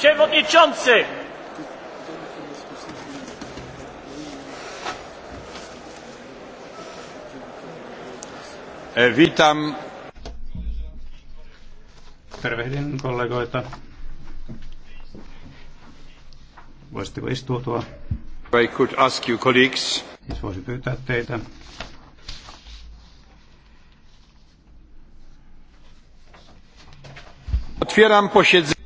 Przewodniczący! E, witam. Tervehdin kollegoita. Voisitteko istuutua? I could ask you colleagues. Siis voisi pyytää teitä Otwieram posiedzenie.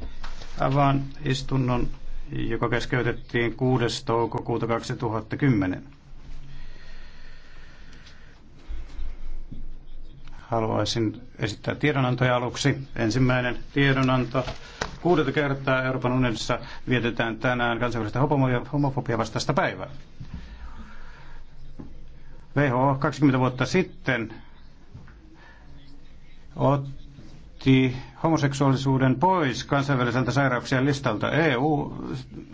Avaan istunnon, joka keskeytettiin 6. toukokuuta 2010. Haluaisin esittää tiedonantoja aluksi. Ensimmäinen tiedonanto. Kuudetta kertaa Euroopan unionissa vietetään tänään kansainvälistä homofobia vastaista päivää. WHO 20 vuotta sitten otti poisti homoseksuaalisuuden pois kansainväliseltä sairauksien listalta. EU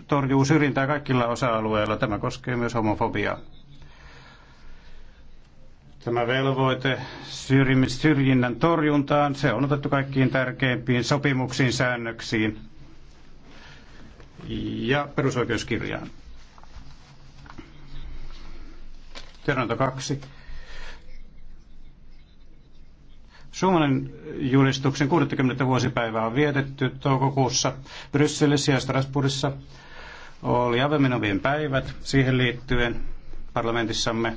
torjuu syrjintää kaikilla osa-alueilla. Tämä koskee myös homofobiaa. Tämä velvoite syrjinnän torjuntaan, se on otettu kaikkiin tärkeimpiin sopimuksiin, säännöksiin ja perusoikeuskirjaan. Tiedonanto kaksi Suomen julistuksen 60. vuosipäivää on vietetty toukokuussa Brysselissä ja Strasbourgissa. Oli avemenovien päivät siihen liittyen parlamentissamme.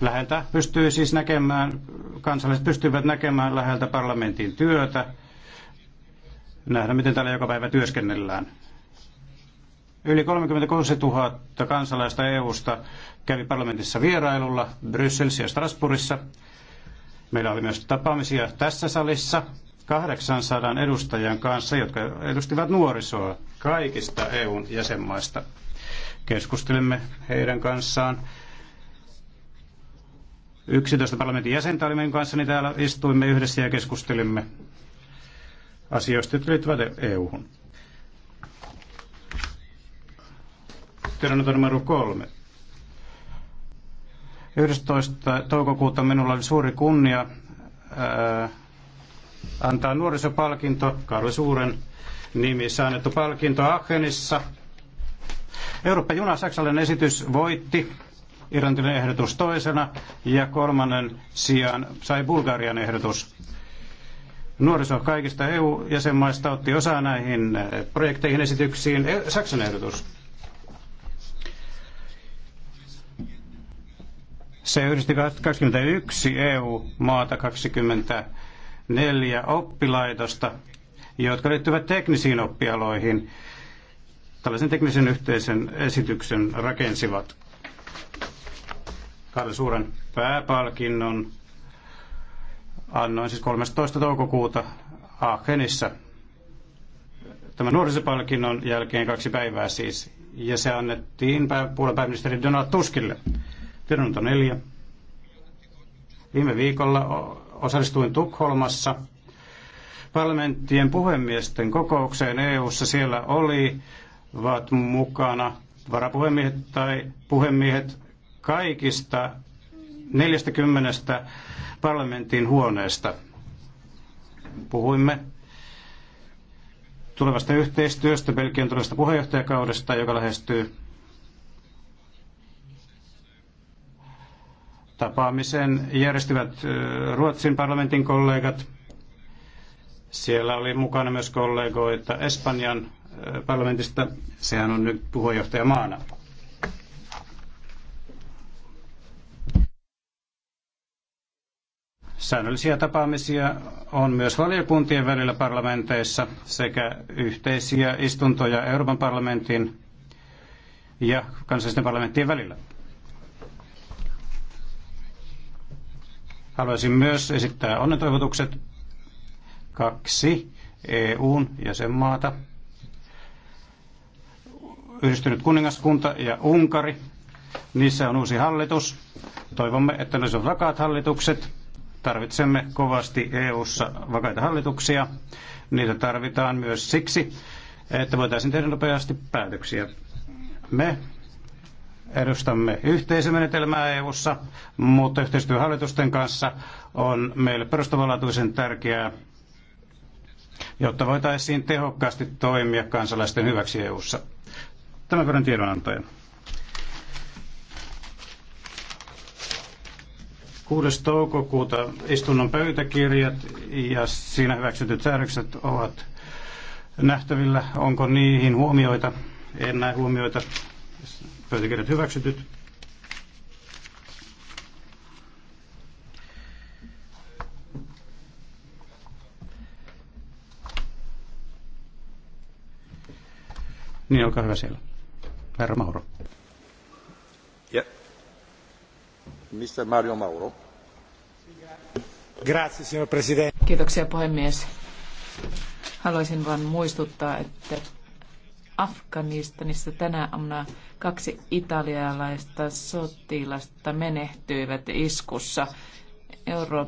Läheltä pystyy siis näkemään, kansalaiset pystyvät näkemään läheltä parlamentin työtä, nähdä miten täällä joka päivä työskennellään. Yli 36 000 kansalaista EU-sta kävi parlamentissa vierailulla Brysselissä ja Strasbourgissa. Meillä oli myös tapaamisia tässä salissa 800 edustajan kanssa, jotka edustivat nuorisoa kaikista EUn jäsenmaista. Keskustelimme heidän kanssaan. 11 parlamentin jäsentä oli meidän kanssa, täällä istuimme yhdessä ja keskustelimme asioista, jotka liittyvät EU-hun. Tiedonanto numero kolme. 11. toukokuuta minulla oli suuri kunnia ää, antaa nuorisopalkinto, Karli Suuren nimissä annettu palkinto Aachenissa. Eurooppa-juna saksalainen esitys voitti Irlantin ehdotus toisena ja kolmannen sijaan sai Bulgarian ehdotus. Nuoriso kaikista EU-jäsenmaista otti osaa näihin projekteihin esityksiin. E, Saksan ehdotus Se yhdisti 21 EU-maata 24 oppilaitosta, jotka liittyvät teknisiin oppialoihin. Tällaisen teknisen yhteisen esityksen rakensivat Karl Suuren pääpalkinnon annoin siis 13. toukokuuta Aachenissa tämän nuorisopalkinnon jälkeen kaksi päivää siis. Ja se annettiin puolen pääministeri Donald Tuskille. Tiedonanto neljä. Viime viikolla osallistuin Tukholmassa parlamenttien puhemiesten kokoukseen EU-ssa. Siellä olivat mukana varapuhemiehet tai puhemiehet kaikista 40 parlamentin huoneesta. Puhuimme tulevasta yhteistyöstä, Belgian tulevasta puheenjohtajakaudesta, joka lähestyy Tapaamisen järjestivät Ruotsin parlamentin kollegat. Siellä oli mukana myös kollegoita Espanjan parlamentista. Sehän on nyt maana. Säännöllisiä tapaamisia on myös valiokuntien välillä parlamenteissa sekä yhteisiä istuntoja Euroopan parlamentin ja kansallisten parlamenttien välillä. Haluaisin myös esittää onnetoivotukset kaksi EUn jäsenmaata, Yhdistynyt kuningaskunta ja Unkari. Niissä on uusi hallitus. Toivomme, että ne olisivat vakaat hallitukset. Tarvitsemme kovasti EU:ssa vakaita hallituksia. Niitä tarvitaan myös siksi, että voitaisiin tehdä nopeasti päätöksiä. Me Edustamme yhteisömenetelmää EU-ssa, mutta yhteistyö hallitusten kanssa on meille perustavanlaatuisen tärkeää, jotta voitaisiin tehokkaasti toimia kansalaisten hyväksi EU-ssa. Tämän verran tiedonantoja. 6. toukokuuta istunnon pöytäkirjat ja siinä hyväksytyt säädökset ovat nähtävillä. Onko niihin huomioita? En näe huomioita. Pöytäkirjat hyväksytyt. Niin, olkaa hyvä siellä. Herra Mauro. Ja. Mr. Mario Mauro. Grazie, signor Presidente. Kiitoksia, puhemies. Haluaisin vain muistuttaa, että Afganistanissa tänä aamuna kaksi italialaista sotilasta menehtyivät iskussa. Eurooppa